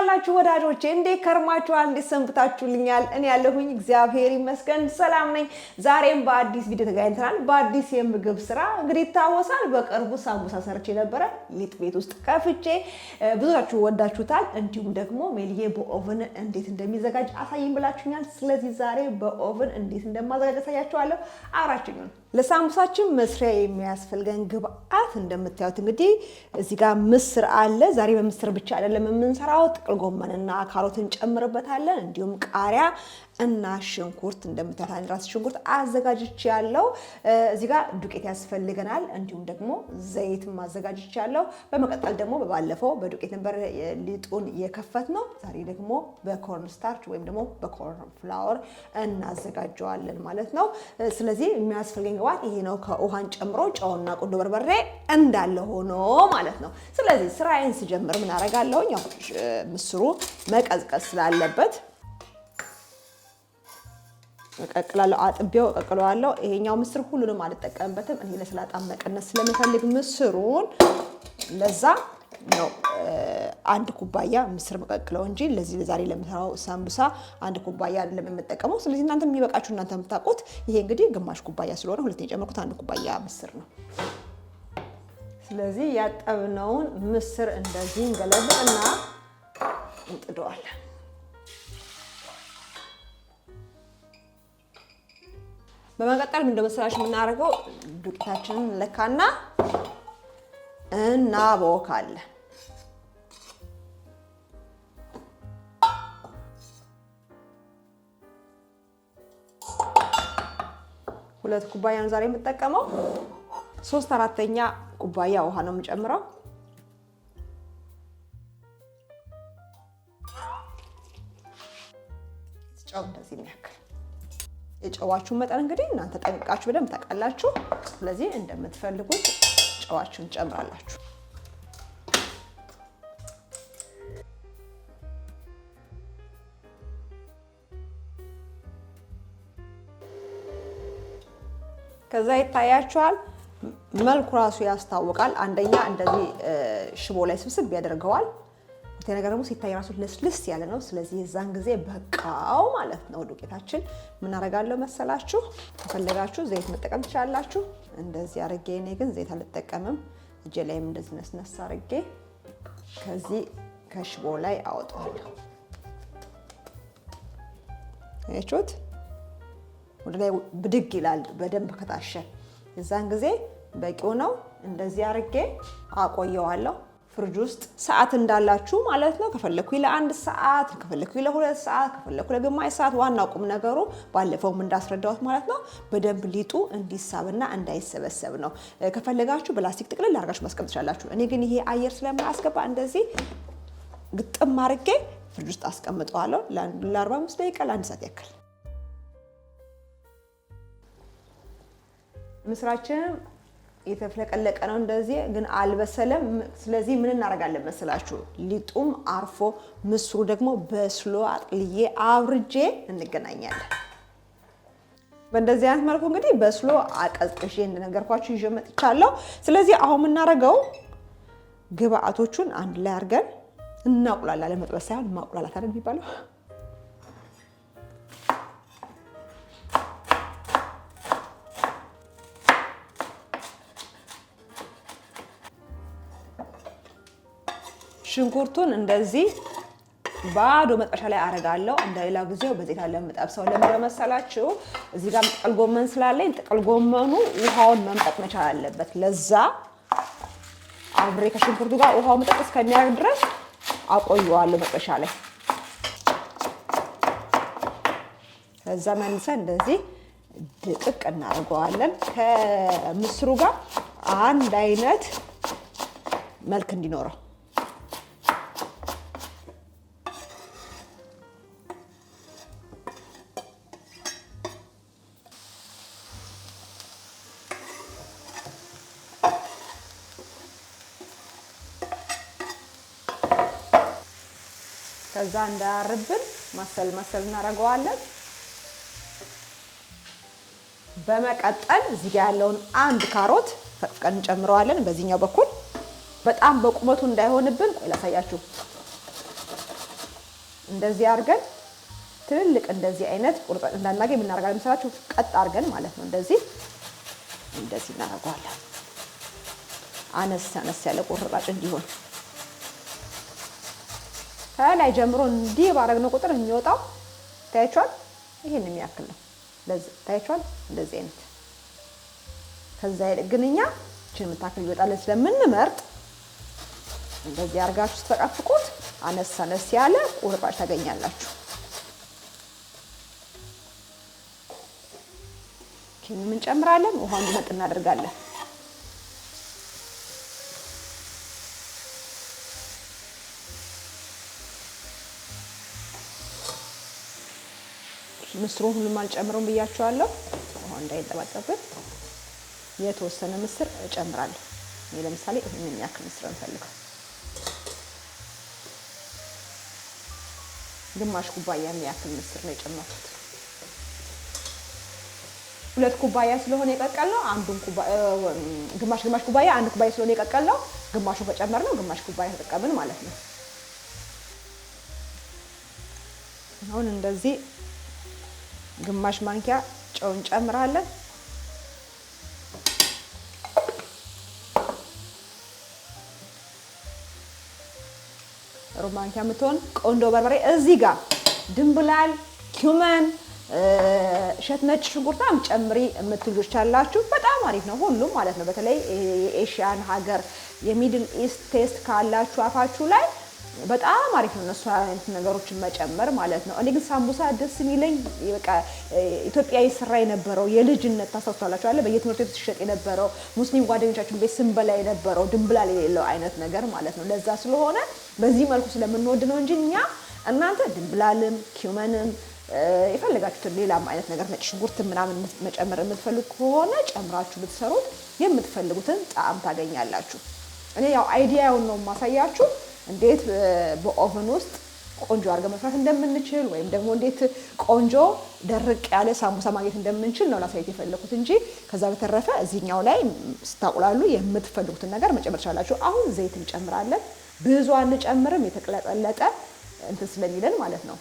እንደምናላችሁ ወዳጆቼ፣ እንዴት ከርማችኋል? እንዴት ሰንብታችሁልኛል? እኔ ያለሁኝ እግዚአብሔር ይመስገን ሰላም ነኝ። ዛሬም በአዲስ ቪዲዮ ተገናኝተናል። በአዲስ የምግብ ስራ እንግዲህ ይታወሳል፣ በቅርቡ ሳምቡሳ ሰርቼ ነበረ ሊጥ ቤት ውስጥ ከፍቼ ብዙዎቻችሁ ወዳችሁታል። እንዲሁም ደግሞ ሜልዬ በኦቨን እንዴት እንደሚዘጋጅ አሳይም ብላችሁኛል። ስለዚህ ዛሬ በኦቨን እንዴት እንደማዘጋጅ አሳያችኋለሁ። አብራችሁኝ ለሳምቡሳችን መስሪያ የሚያስፈልገን ግብአት እንደምታዩት እንግዲህ እዚህ ጋር ምስር አለ። ዛሬ በምስር ብቻ አይደለም የምንሰራው፣ ጥቅል ጎመንና ካሮትን ጨምርበታለን። እንዲሁም ቃሪያ እና ሽንኩርት እንደምታዩት ራስ ሽንኩርት አዘጋጅቼ ያለው እዚህ ጋር ዱቄት ያስፈልገናል። እንዲሁም ደግሞ ዘይትም አዘጋጅቼ ያለው። በመቀጠል ደግሞ በባለፈው በዱቄት ነበር ሊጡን የከፈት ነው። ዛሬ ደግሞ በኮርን ስታርች ወይም ደግሞ በኮርን ፍላወር እናዘጋጀዋለን ማለት ነው። ስለዚህ የሚያስፈልገኝ ግባት ይሄ ነው። ከውሃን ጨምሮ ጨውና ቁንዶ በርበሬ እንዳለ ሆኖ ማለት ነው። ስለዚህ ስራዬን ስጀምር ምን አደርጋለሁኝ? ምስሩ መቀዝቀዝ ስላለበት እቀቅላለሁ። አጥቤው እቀቅለዋለሁ። ይሄኛው ምስር ሁሉንም አልጠቀምበትም። እኔ ለስላጣ መቀነስ ስለምፈልግ ምስሩን ለዛ ነው አንድ ኩባያ ምስር መቀቅለው እንጂ ለዚህ ለዛሬ ለምሰራው ሳምቡሳ አንድ ኩባያ አይደለም የምጠቀመው። ስለዚህ እናንተ የሚበቃችሁ እናንተ የምታውቁት ይሄ እንግዲህ ግማሽ ኩባያ ስለሆነ ሁለት የጨመርኩት አንድ ኩባያ ምስር ነው። ስለዚህ ያጠብነውን ምስር እንደዚህ እንገለብጥና እንጥደዋለን። በመቀጠል ምን እንደመሰላችሁ የምናደርገው ዱቄታችንን ለካና እናቦካለን። ሁለት ኩባያ ነው ዛሬ የምጠቀመው። ሶስት አራተኛ ኩባያ ውሃ ነው የምጨምረው። ጨው እንደዚህ የጨዋችሁን መጠን እንግዲህ እናንተ ጠንቅቃችሁ በደንብ ታውቃላችሁ። ስለዚህ እንደምትፈልጉት ጨዋችሁን ትጨምራላችሁ ከዛ ይታያችኋል፣ መልኩ ራሱ ያስታውቃል። አንደኛ እንደዚህ ሽቦ ላይ ስብስብ ያደርገዋል። ነገር ደግሞ ሲታይ ራሱ ልስልስ ያለ ነው። ስለዚህ የዛን ጊዜ በቃው ማለት ነው ዱቄታችን። ምናረጋለሁ መሰላችሁ? ከፈለጋችሁ ዘይት መጠቀም ትችላላችሁ። እንደዚህ አርጌ እኔ ግን ዘይት አልጠቀምም። እጄ ላይም እንደዚህ ነስነስ አርጌ ከዚህ ከሽቦ ላይ አወጣዋለሁ። ያችሁት ወደ ላይ ብድግ ይላል በደንብ ከታሸ። የዛን ጊዜ በቂው ነው። እንደዚህ አርጌ አቆየዋለሁ። ፍርጅ ውስጥ ሰዓት እንዳላችሁ ማለት ነው። ከፈለኩ ለአንድ ሰዓት፣ ከፈለኩ ለሁለት ሰዓት፣ ከፈለኩ ለግማሽ ሰዓት። ዋናው ቁም ነገሩ ባለፈውም እንዳስረዳሁት ማለት ነው በደንብ ሊጡ እንዲሳብና እንዳይሰበሰብ ነው። ከፈለጋችሁ በላስቲክ ጥቅልል አድርጋችሁ ማስቀመጥ ትችላላችሁ። እኔ ግን ይሄ አየር ስለማያስገባ እንደዚህ ግጥም አድርጌ ፍርጅ ውስጥ አስቀምጠዋለሁ ለ45 ደቂቃ ለአንድ ሰዓት ያክል። ምስራችን የተፍለቀለቀ ነው እንደዚህ ግን አልበሰለም። ስለዚህ ምን እናደርጋለን መሰላችሁ? ሊጡም አርፎ ምስሩ ደግሞ በስሎ አጥልዬ አብርጄ እንገናኛለን። በእንደዚህ አይነት መልኩ እንግዲህ በስሎ አቀዝቅዤ እንደነገርኳችሁ ይዤ መጥቻለሁ። ስለዚህ አሁን የምናደርገው ግብአቶቹን አንድ ላይ አድርገን እናቁላላ። ለመጥበስ ሳይሆን ማቁላላት አይደል የሚባለው ሽንኩርቱን እንደዚህ ባዶ መጥበሻ ላይ አረጋለሁ። እንደሌላ ጊዜው በዚህ ጋር ለምጠብሰው ለምደ መሰላችሁ። እዚህ ጋር ጥቅል ጎመን ስላለኝ ጥቅል ጎመኑ ውሃውን መምጠጥ መቻል አለበት። ለዛ አብሬ ከሽንኩርቱ ጋር ውሃው መጠጥ እስከሚያርግ ድረስ አቆየዋለሁ መጥበሻ ላይ። ከዛ መልሰን እንደዚህ ድቅቅ እናደርገዋለን ከምስሩ ጋር አንድ አይነት መልክ እንዲኖረው ከዛ እንዳያርብን መሰል መሰል እናደርገዋለን። በመቀጠል እዚህ ጋ ያለውን አንድ ካሮት ፈቅፍቀን እንጨምረዋለን። በዚህኛው በኩል በጣም በቁመቱ እንዳይሆንብን፣ ቆይ ላሳያችሁ። እንደዚህ አድርገን ትልልቅ እንደዚህ አይነት ቁርጠን እንዳናገኝ የምናደርጋለን መሰላችሁ? ቀጥ አድርገን ማለት ነው። እንደዚህ እንደዚህ እናደርገዋለን። አነስ አነስ ያለ ቁርጣጭ እንዲሆን ከላይ ጀምሮ እንዲህ ባረግነው ቁጥር የሚወጣው ታያችኋል። ይሄን የሚያክል ነው። ለዚህ ታያችኋል፣ እንደዚህ አይነት ከዛ ግን እኛ እችን የምታክል ይወጣለን ስለምንመርጥ እንደዚህ አርጋችሁ ስትፈቀፍቁት አነስ አነስ ያለ ቁርባጭ ታገኛላችሁ። ኪኒን እንጨምራለን፣ ውሃ እንዲመጥ እናደርጋለን። ምስሩን ሁሉም አልጨምረውም ብያቸዋለሁ። ውሃ እንዳይጠባጠብን የተወሰነ ምስር እጨምራለሁ። እኔ ለምሳሌ ይህንን ያክል ምስር እንፈልገው ግማሽ ኩባያ የሚያክል ምስር ነው የጨመርኩት። ሁለት ኩባያ ስለሆነ የቀቀልነው አንዱን ኩባያ ግማሽ ግማሽ ኩባያ አንድ ኩባያ ስለሆነ የቀቀልነው ግማሹን ነው ግማሽ ኩባያ ተጠቀምን ማለት ነው። አሁን እንደዚህ ግማሽ ማንኪያ ጨው እንጨምራለን። ሩብ ማንኪያ የምትሆን ቆንዶ በርበሬ እዚህ ጋር ድንብላል፣ ኪመን፣ እሸት ነጭ ሽንኩርታም ጨምሪ የምትልጆች አላችሁ። በጣም አሪፍ ነው ሁሉም ማለት ነው። በተለይ የኤሽያን ሀገር የሚድል ኢስት ቴስት ካላችሁ አፋችሁ ላይ በጣም አሪፍ ነው እነሱ አይነት ነገሮችን መጨመር ማለት ነው። እኔ ግን ሳምቡሳ ደስ የሚለኝ በቃ ኢትዮጵያ የስራ የነበረው የልጅነት ታስታውሳላችሁ አለ በየትምህርት ቤቱ ሲሸጥ የነበረው ሙስሊም ጓደኞቻችን ቤት ስንበላ የነበረው ድንብላል የሌለው አይነት ነገር ማለት ነው። ለዛ ስለሆነ በዚህ መልኩ ስለምንወድ ነው እንጂ እኛ እናንተ ድንብላልም ኪመንም የፈለጋችሁትን ሌላም አይነት ነገር ነጭ ሽንኩርትን ምናምን መጨመር የምትፈልጉ ከሆነ ጨምራችሁ ብትሰሩት የምትፈልጉትን ጣዕም ታገኛላችሁ። እኔ ያው አይዲያውን ነው የማሳያችሁ። እንዴት በኦቨን ውስጥ ቆንጆ አድርገን መስራት እንደምንችል ወይም ደግሞ እንዴት ቆንጆ ደረቅ ያለ ሳሙሳ ማግኘት እንደምንችል ነው ላሳየት የፈለኩት እንጂ ከዛ በተረፈ እዚህኛው ላይ ስታቁላሉ የምትፈልጉትን ነገር መጨመር ቻላችሁ። አሁን ዘይት እንጨምራለን። ብዙ አንጨምርም፣ የተቀለጠለጠ እንትን ስለሚለን ማለት ነው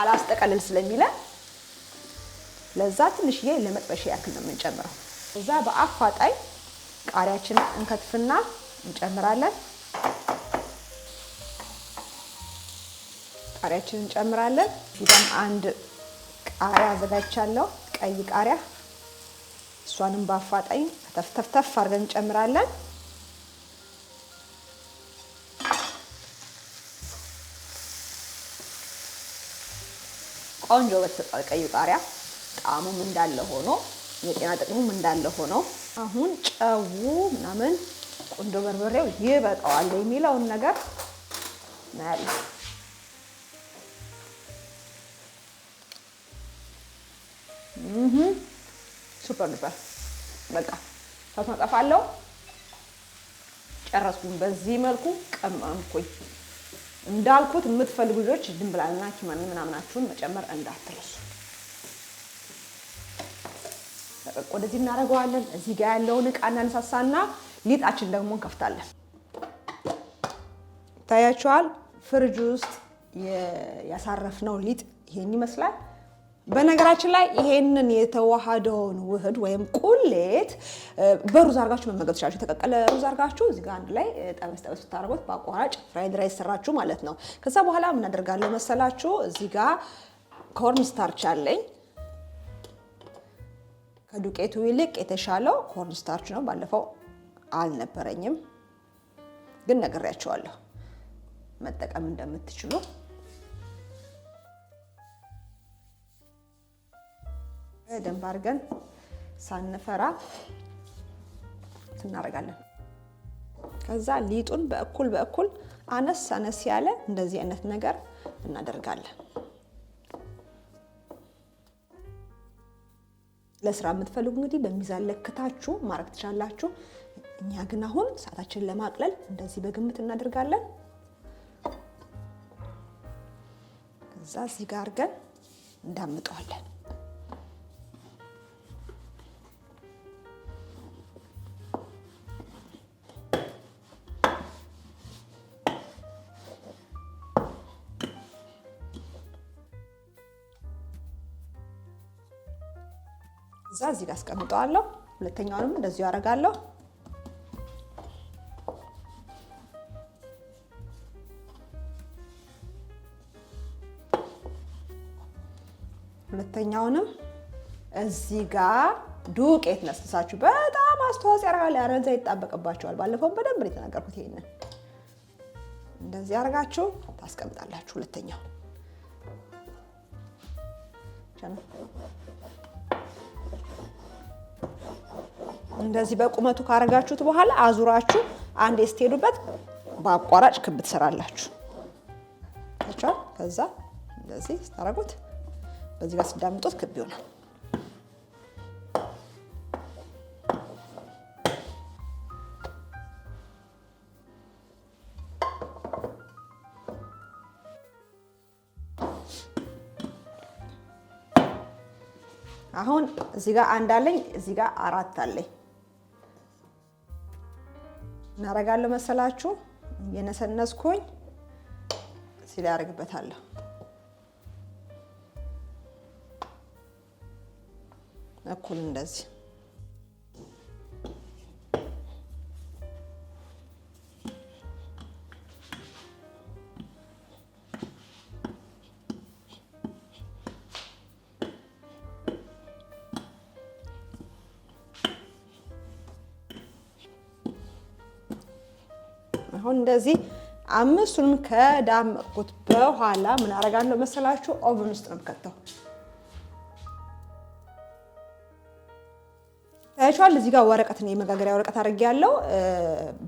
አላስጠቀልል ስለሚለን ለዛ ትንሽዬ ለመጥበሻ ያክል ነው የምንጨምረው። እዛ በአፋጣኝ ቃሪያችን እንከትፍና እንጨምራለን። ቃሪያችንን እንጨምራለን። እዚህም አንድ ቃሪያ አዘጋጅቻለሁ፣ ቀይ ቃሪያ። እሷንም በአፋጣኝ ከተፍተፍተፍ አድርገን እንጨምራለን። ቆንጆ በተጣል ቀይ ቃሪያ ጣዕሙም እንዳለ ሆኖ የጤና ጥቅሙም እንዳለ ሆኖ አሁን ጨው ምናምን ቁንዶ በርበሬው ይበቃዋል የሚለውን ነገር እናያለን። ሱፐር ዱፐር በቃ እሳቱን አጠፋለሁ። ጨረስኩኝ። በዚህ መልኩ ቀመምኩኝ። እንዳልኩት የምትፈልጉ ልጆች ድንብላልና ኪማን ምናምናችሁን መጨመር እንዳትረሱ። ወደዚህ እናደርገዋለን። እዚህ ጋር ያለውን እቃ እናነሳሳና ሊጣችን ደግሞ እንከፍታለን። ይታያችኋል። ፍርጅ ውስጥ ያሳረፍነው ሊጥ ይሄን ይመስላል። በነገራችን ላይ ይሄንን የተዋሃደውን ውህድ ወይም ቁሌት በሩዝ አድርጋችሁ መመገብ ትችላችሁ። የተቀቀለ ሩዝ አድርጋችሁ እዚጋ አንድ ላይ ጠበስ ጠበስ ብታደርጉት በአቋራጭ ፍራይድ ራይስ ሰራችሁ ማለት ነው። ከዛ በኋላ ምን አደርጋለሁ መሰላችሁ? እዚጋ ኮርን ስታርች አለኝ። ከዱቄቱ ይልቅ የተሻለው ኮርን ስታርች ነው። ባለፈው አልነበረኝም፣ ግን ነግሬያቸዋለሁ መጠቀም እንደምትችሉ። በደንብ አድርገን ሳንፈራ እናደርጋለን። ከዛ ሊጡን በእኩል በእኩል አነስ አነስ ያለ እንደዚህ አይነት ነገር እናደርጋለን። ለስራ የምትፈልጉ እንግዲህ በሚዛን ለክታችሁ ማድረግ ትችላላችሁ። እኛ ግን አሁን ሰዓታችንን ለማቅለል እንደዚህ በግምት እናደርጋለን። ከዛ እዚህ ጋር አድርገን እንዳምጠዋለን። እዛ እዚህ ጋር አስቀምጠዋለሁ። ሁለተኛውንም እንደዚሁ አደርጋለሁ። ሁለተኛውንም እዚህ ጋር ዱቄት ነስሳችሁ በጣም አስተዋጽኦ ያደርጋል። ያረንዛ ይጣበቅባቸዋል። ባለፈውም በደንብ ነው የተናገርኩት። ይሄንን እንደዚህ አድርጋችሁ ታስቀምጣላችሁ። ሁለተኛው እንደዚህ በቁመቱ ካረጋችሁት በኋላ አዙራችሁ አንድ ስትሄዱበት በአቋራጭ ክብ ትሰራላችሁ። ከዛ እንደዚህ ስታረጉት በዚህ ጋር ስዳምጡት ክብ ይሆናል። አሁን እዚህ ጋር አንድ አለኝ፣ እዚህ ጋር አራት አለኝ። እናረጋለሁ መሰላችሁ እየነሰነስኩኝ እዚህ ያደርግበታለሁ። በኩል እንደዚህ አሁን እንደዚህ አምስቱንም ከዳመቅኩት በኋላ ምን አደርጋለሁ መሰላችሁ? ኦቨን ውስጥ ነው የምከተው። አይተዋል። እዚህ ጋር ወረቀት ነው የመጋገሪያ ወረቀት አድርጌ ያለው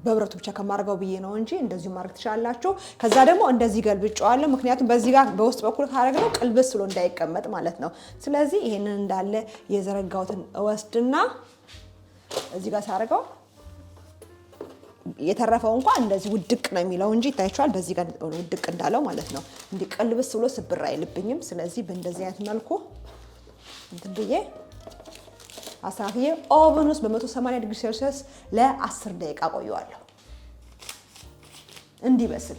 በብረቱ ብቻ ከማድረገው ብዬ ነው እንጂ እንደዚሁ ማድረግ ትችላላችሁ። ከዛ ደግሞ እንደዚህ ገልብጨዋለሁ፣ ምክንያቱም በዚህ ጋር በውስጥ በኩል ነው ቅልብስ ብሎ እንዳይቀመጥ ማለት ነው። ስለዚህ ይሄንን እንዳለ የዘረጋሁትን እወስድና እዚህ ጋር ሳደርገው የተረፈው እንኳን እንደዚህ ውድቅ ነው የሚለው እንጂ ይታያችኋል። በዚህ ጋር ውድቅ እንዳለው ማለት ነው። እንዲህ ቅልብስ ብሎ ስብር አይልብኝም። ስለዚህ በእንደዚህ አይነት መልኩ እንትን ብዬ አስተካክዬ ኦቨን ውስጥ በ180 ዲግሪ ሴልሲየስ ለ10 ደቂቃ ቆየዋለሁ እንዲበስል።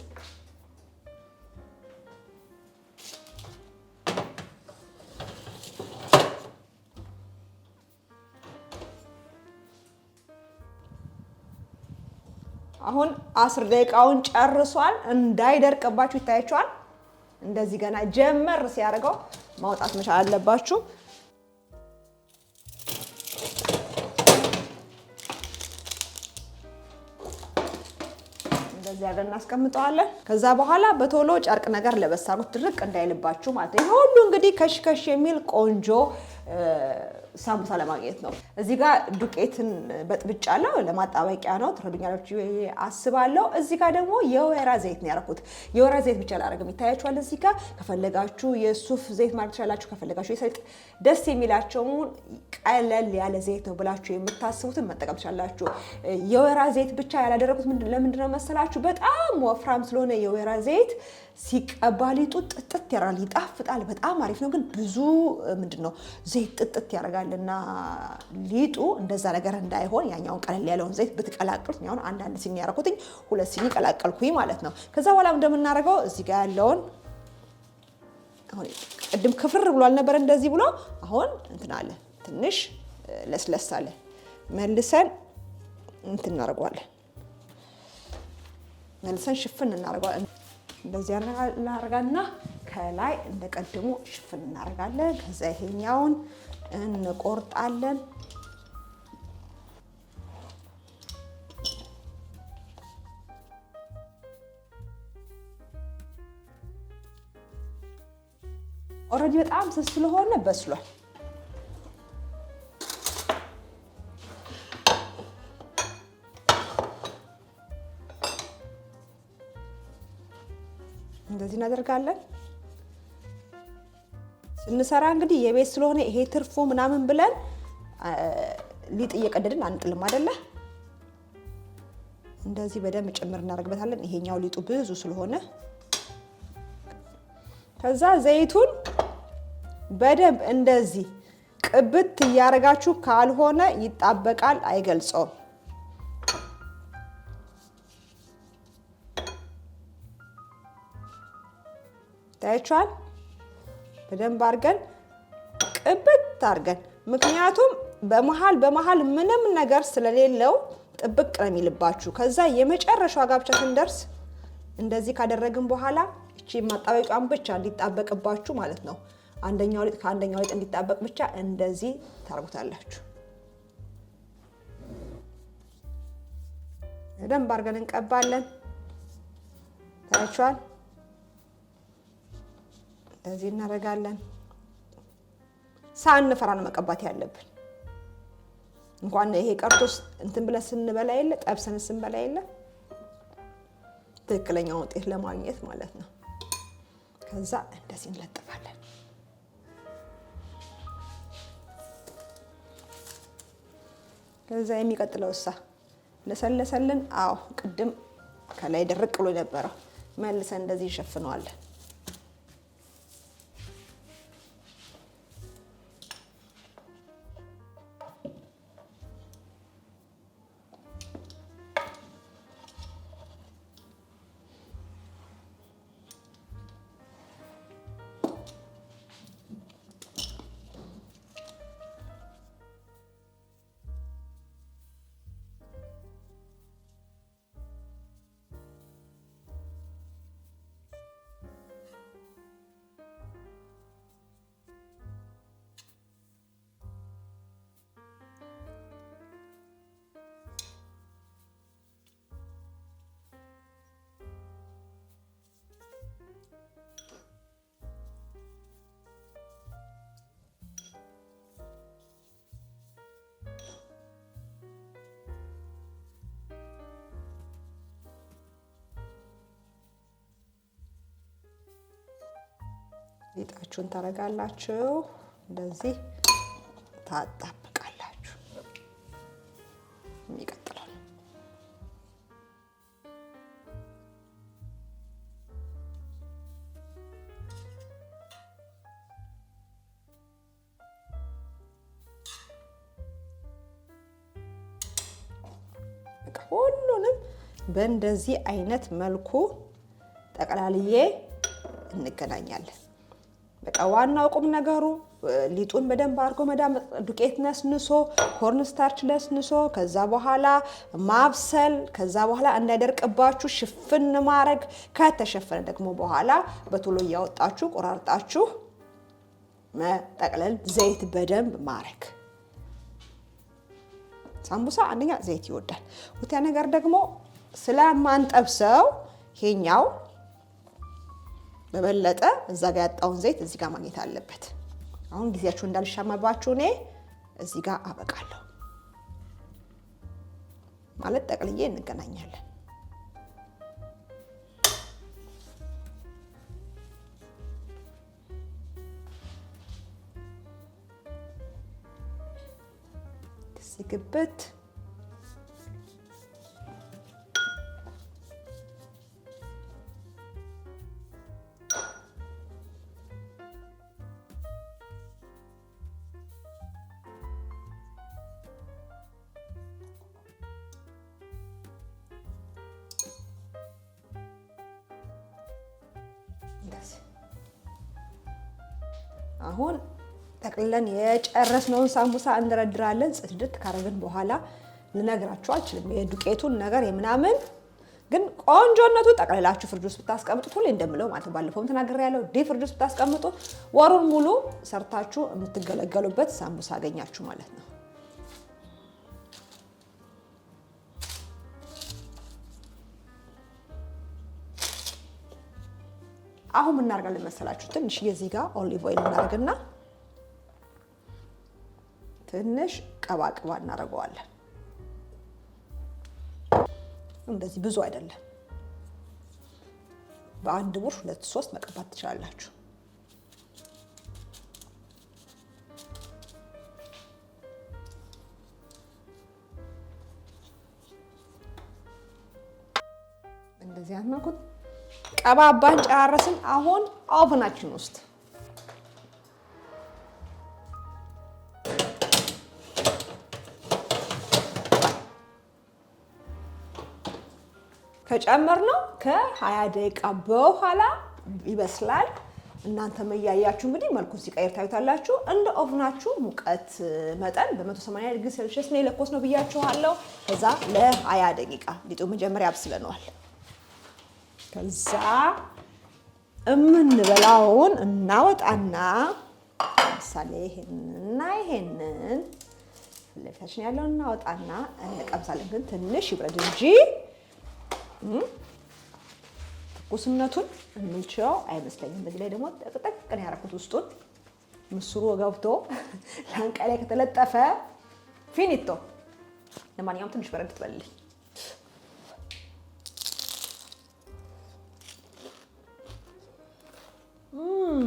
አሁን አስር ደቂቃውን ጨርሷል። እንዳይደርቅባችሁ ይታያችኋል። እንደዚህ ገና ጀመር ሲያደርገው ማውጣት መቻል አለባችሁ። እንደዚህ አድርገን እናስቀምጠዋለን። ከዛ በኋላ በቶሎ ጨርቅ ነገር ለበሳሩት ድርቅ እንዳይልባችሁ ማለት ነው። ይህ ሁሉ እንግዲህ ከሽከሽ የሚል ቆንጆ ሳምቡሳ ለማግኘት ነው። እዚህ ጋር ዱቄትን በጥብጫለሁ፣ ለማጣበቂያ ነው ትረዱኛለች አስባለሁ። እዚህ ጋር ደግሞ የወይራ ዘይት ነው ያደረኩት። የወይራ ዘይት ብቻ ላደርግም ይታያችኋል። እዚህ ጋር ከፈለጋችሁ የሱፍ ዘይት ማድረግ ትችላላችሁ። ከፈለጋችሁ የሰሊጥ ደስ የሚላቸውን ቀለል ያለ ዘይት ነው ብላችሁ የምታስቡትን መጠቀም ትችላላችሁ። የወይራ ዘይት ብቻ ያላደረጉት ለምንድነው መሰላችሁ? በጣም ወፍራም ስለሆነ የወይራ ዘይት ሲቀባ ሊጡ ጥጥት ያደርጋል፣ ይጣፍጣል። በጣም አሪፍ ነው። ግን ብዙ ምንድን ነው ዘይት ጥጥት ያደርጋልና ሊጡ እንደዛ ነገር እንዳይሆን ያኛውን ቀለል ያለውን ዘይት ብትቀላቅሉት። ያሁን አንዳንድ ሲኒ ያደረኩትኝ ሁለት ሲኒ ቀላቀልኩኝ ማለት ነው። ከዛ በኋላ እንደምናደርገው እዚህ ጋር ያለውን ቅድም ክፍር ብሎ አልነበረ እንደዚህ ብሎ አሁን እንትን አለ ትንሽ ለስለስ አለ። መልሰን እንትን እናደርገዋለን መልሰን ሽፍን እናደርገዋለን። እንደዚህ እናደርጋልና ከላይ እንደቀድሞ ሽፍን እናደርጋለን። ከዛ ይሄኛውን እንቆርጣለን። ኦልሬዲ በጣም ስስ ስለሆነ በስሏል። እንደዚህ እናደርጋለን። ስንሰራ እንግዲህ የቤት ስለሆነ ይሄ ትርፉ ምናምን ብለን ሊጥ እየቀደድን አንጥልም አይደለ? እንደዚህ በደንብ ጭምር እናደርግበታለን። ይሄኛው ሊጡ ብዙ ስለሆነ ከዛ ዘይቱን በደንብ እንደዚህ ቅብት እያደረጋችሁ ካልሆነ ይጣበቃል፣ አይገልጸውም። ታያችኋል። በደንብ አድርገን ቅብት አድርገን ምክንያቱም በመሀል በመሀል ምንም ነገር ስለሌለው ጥብቅ ነው የሚልባችሁ። ከዛ የመጨረሻው ጋብቻ ስንደርስ እንደዚህ ካደረግን በኋላ እቺ ማጣበቂያን ብቻ እንዲጣበቅባችሁ ማለት ነው። አንደኛው ሊጥ ከአንደኛው ሊጥ እንዲጣበቅ ብቻ እንደዚህ ታርጉታላችሁ። በደንብ አድርገን እንቀባለን። ታያችኋል። እንደዚህ እናደርጋለን። ሳንፈራ ነው መቀባት ያለብን። እንኳን ይሄ ቀርቶ እንትን ብለን ስንበላ የለ ጠብሰን ስንበላ የለ ትክክለኛውን ውጤት ለማግኘት ማለት ነው። ከዛ እንደዚህ እንለጥፋለን። ከዛ የሚቀጥለው እሳ ለሰለሰልን። አዎ ቅድም ከላይ ድርቅ ብሎ የነበረው መልሰን እንደዚህ እንሸፍነዋለን። ሊጣችሁን ታረጋላችሁ። እንደዚህ ታጣብቃላችሁ። የሚቀጥለው ሁሉንም በእንደዚህ አይነት መልኩ ጠቅላልዬ እንገናኛለን። በቃ ዋናው ቁም ነገሩ ሊጡን በደንብ አድርጎ መዳመጥ፣ ዱቄት ነስንሶ፣ ኮርን ስታርች ነስንሶ፣ ከዛ በኋላ ማብሰል፣ ከዛ በኋላ እንዳይደርቅባችሁ ሽፍን ማድረግ። ከተሸፈነ ደግሞ በኋላ በቶሎ እያወጣችሁ ቆራርጣችሁ መጠቅለል፣ ዘይት በደንብ ማድረግ። ሳምቡሳ አንደኛ ዘይት ይወዳል፣ ሁለተኛ ነገር ደግሞ ስለማንጠብሰው ይሄኛው በበለጠ እዛ ጋር ያጣውን ዘይት እዚህ ጋር ማግኘት አለበት። አሁን ጊዜያችሁ እንዳልሻማባችሁ እኔ እዚህ ጋር አበቃለሁ። ማለት ጠቅልዬ እንገናኛለን። ሲግበት አሁን ጠቅልለን የጨረስነውን ሳሙሳ እንደረድራለን ጽድት ካረግን በኋላ ልነግራችሁ አልችልም የዱቄቱን ነገር የምናምን ግን ቆንጆነቱ ጠቅልላችሁ ፍርድ ውስጥ ብታስቀምጡት ሁሌ እንደምለው ማለት ባለፈውም ተናግሬ ያለው ዲ ፍርድ ውስጥ ብታስቀምጡ ወሩን ሙሉ ሰርታችሁ የምትገለገሉበት ሳሙሳ አገኛችሁ ማለት ነው። አሁን ምናደርጋለን መሰላችሁ? ትንሽ የዚህ ጋር ኦሊቭ ኦይል እናደርግና ትንሽ ቀባቅባ እናደርገዋለን። እንደዚህ ብዙ አይደለም። በአንድ ቡር ሁለት ሶስት መቀባት ትችላላችሁ። እንደዚህ አናኩት ቀባባን ጨራረስን። አሁን ኦቨናችን ውስጥ ከጨመርነው ከ20 ደቂቃ በኋላ ይበስላል። እናንተ መያያችሁ እንግዲህ መልኩን ሲቀይር ታዩታላችሁ። እንደ ኦቭናችሁ ሙቀት መጠን በ180 ዲግሪ ሴልሺየስ ነው የለኮስ ነው ብያችኋለሁ። ከዛ ለ20 ደቂቃ ሊጡ መጀመሪያ አብስለነዋል። ከዛ እምንበላውን እናወጣና ለምሳሌ ይሄንንና ይሄንን ለፊታችን ያለውን እናወጣና እንቀምሳለን። ግን ትንሽ ይብረድ እንጂ ትኩስነቱን እንልቸው አይመስለኝም። በዚህ ላይ ደግሞ ጠቅጠቅ ነው ያደረኩት ውስጡን ምስሩ ገብቶ ላንቃ ላይ ከተለጠፈ ፊኒቶ። ለማንኛውም ትንሽ በረድ ትበልልኝ። በጣም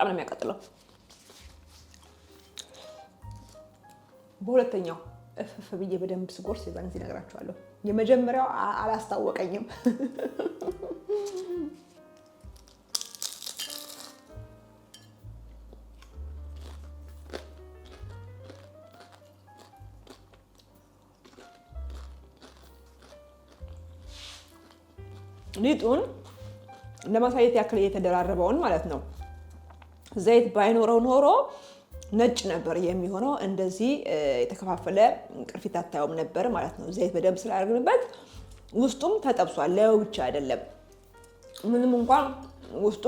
ነው የሚያቃጥለው። በሁለተኛው እፍፍ ብዬ በደንብ ስጎርስ የዛን ጊዜ እነግራችኋለሁ። የመጀመሪያው አላስታወቀኝም። ሊጡን ለማሳየት ያክል እየተደራረበውን ማለት ነው። ዘይት ባይኖረው ኖሮ ነጭ ነበር የሚሆነው። እንደዚህ የተከፋፈለ ቅርፊት አታየውም ነበር ማለት ነው። ዘይት በደንብ ስላደረግንበት ውስጡም ተጠብሷል። ለው ብቻ አይደለም። ምንም እንኳን ውስጡ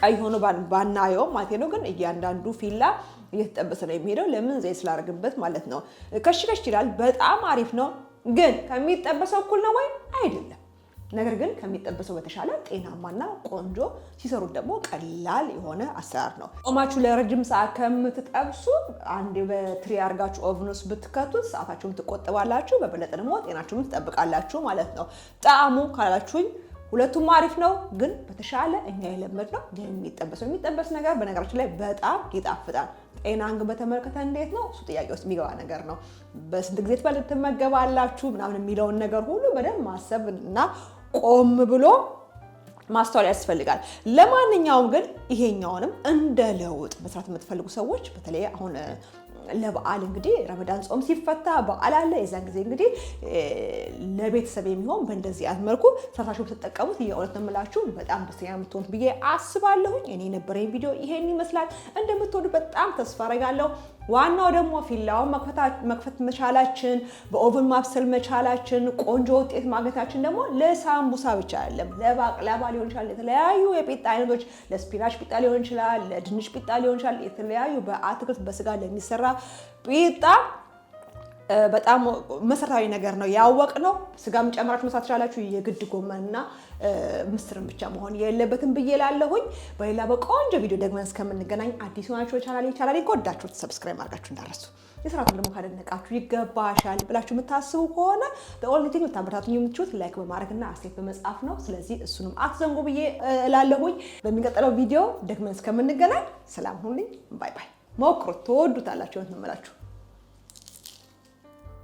ቀይ ሆኖ ባናየው ማለት ነው። ግን እያንዳንዱ ፊላ እየተጠበሰ ነው የሚሄደው። ለምን ዘይት ስላደረግንበት ማለት ነው። ከሽከሽ ይላል። በጣም አሪፍ ነው። ግን ከሚጠበሰው እኩል ነው ወይ? አይደለም። ነገር ግን ከሚጠበሰው በተሻለ ጤናማና ቆንጆ ሲሰሩት ደግሞ ቀላል የሆነ አሰራር ነው። ጾማችሁ ለረጅም ሰዓት ከምትጠብሱ አንዴ በትሪ አርጋችሁ ኦቭኖስ ብትከቱት ሰዓታችሁም ትቆጥባላችሁ፣ በበለጠ ደግሞ ጤናችሁም ትጠብቃላችሁ ማለት ነው። ጣዕሙ ካላችሁኝ ሁለቱም አሪፍ ነው፣ ግን በተሻለ እኛ የለመድነው የሚጠበስ ነው። የሚጠበስ ነገር በነገራችን ላይ በጣም ይጣፍጣል። ጤናን ግን በተመለከተ እንዴት ነው እሱ ጥያቄ ውስጥ የሚገባ ነገር ነው። በስንት ጊዜ ትመገባላችሁ ምናምን የሚለውን ነገር ሁሉ በደንብ ማሰብ እና ቆም ብሎ ማስተዋል ያስፈልጋል። ለማንኛውም ግን ይሄኛውንም እንደ ለውጥ መስራት የምትፈልጉ ሰዎች በተለይ አሁን ለበዓል እንግዲህ ረመዳን ጾም ሲፈታ በዓል አለ። የዛን ጊዜ እንግዲህ ለቤተሰብ የሚሆን በእንደዚህ አይነት መልኩ ሰርታችሁ ብትጠቀሙት የእውነት ነው የምላችሁ በጣም ደስተኛ የምትሆኑት ብዬ አስባለሁኝ። እኔ የነበረኝ ቪዲዮ ይሄን ይመስላል። እንደምትወዱ በጣም ተስፋ አረጋለሁ። ዋናው ደግሞ ፊላውን መክፈት መቻላችን፣ በኦቨን ማብሰል መቻላችን፣ ቆንጆ ውጤት ማግኘታችን ደግሞ ለሳምቡሳ ብቻ አይደለም፣ ለባቅላባ ሊሆን ይችላል። የተለያዩ የፒጣ አይነቶች ለስፒናች ጣ ሊሆን ይችላል፣ ለድንች ጣ ሊሆን ይችላል። የተለያዩ በአትክልት በስጋ ለሚሰራ ፒጣ በጣም መሰረታዊ ነገር ነው ያወቅ ነው። ስጋም ጨምራችሁ መስራት ትችላላችሁ። የግድ ጎመንና ምስርን ብቻ መሆን የለበትም ብዬ ላለሁኝ። በሌላ በቆንጆ ቪዲዮ ደግመን እስከምንገናኝ አዲስ ሆናችሁ ቻናል ቻናል ከወዳችሁት ሰብስክራይብ ማድረጋችሁ እንዳረሱ የስራቱን ደግሞ ካደነቃችሁ ይገባሻል ብላችሁ የምታስቡ ከሆነ በኦንሊቲንግ ልታበረታቱኝ የምትችሉት ላይክ በማድረግና አስተያየት በመጻፍ ነው። ስለዚህ እሱንም አትዘንጉ ብዬ እላለሁኝ። በሚቀጥለው ቪዲዮ ደግመን እስከምንገናኝ ሰላም ሁኑልኝ። ባይ ባይ። ሞክሩት፣ ትወዱታላችሁ። ትመላችሁ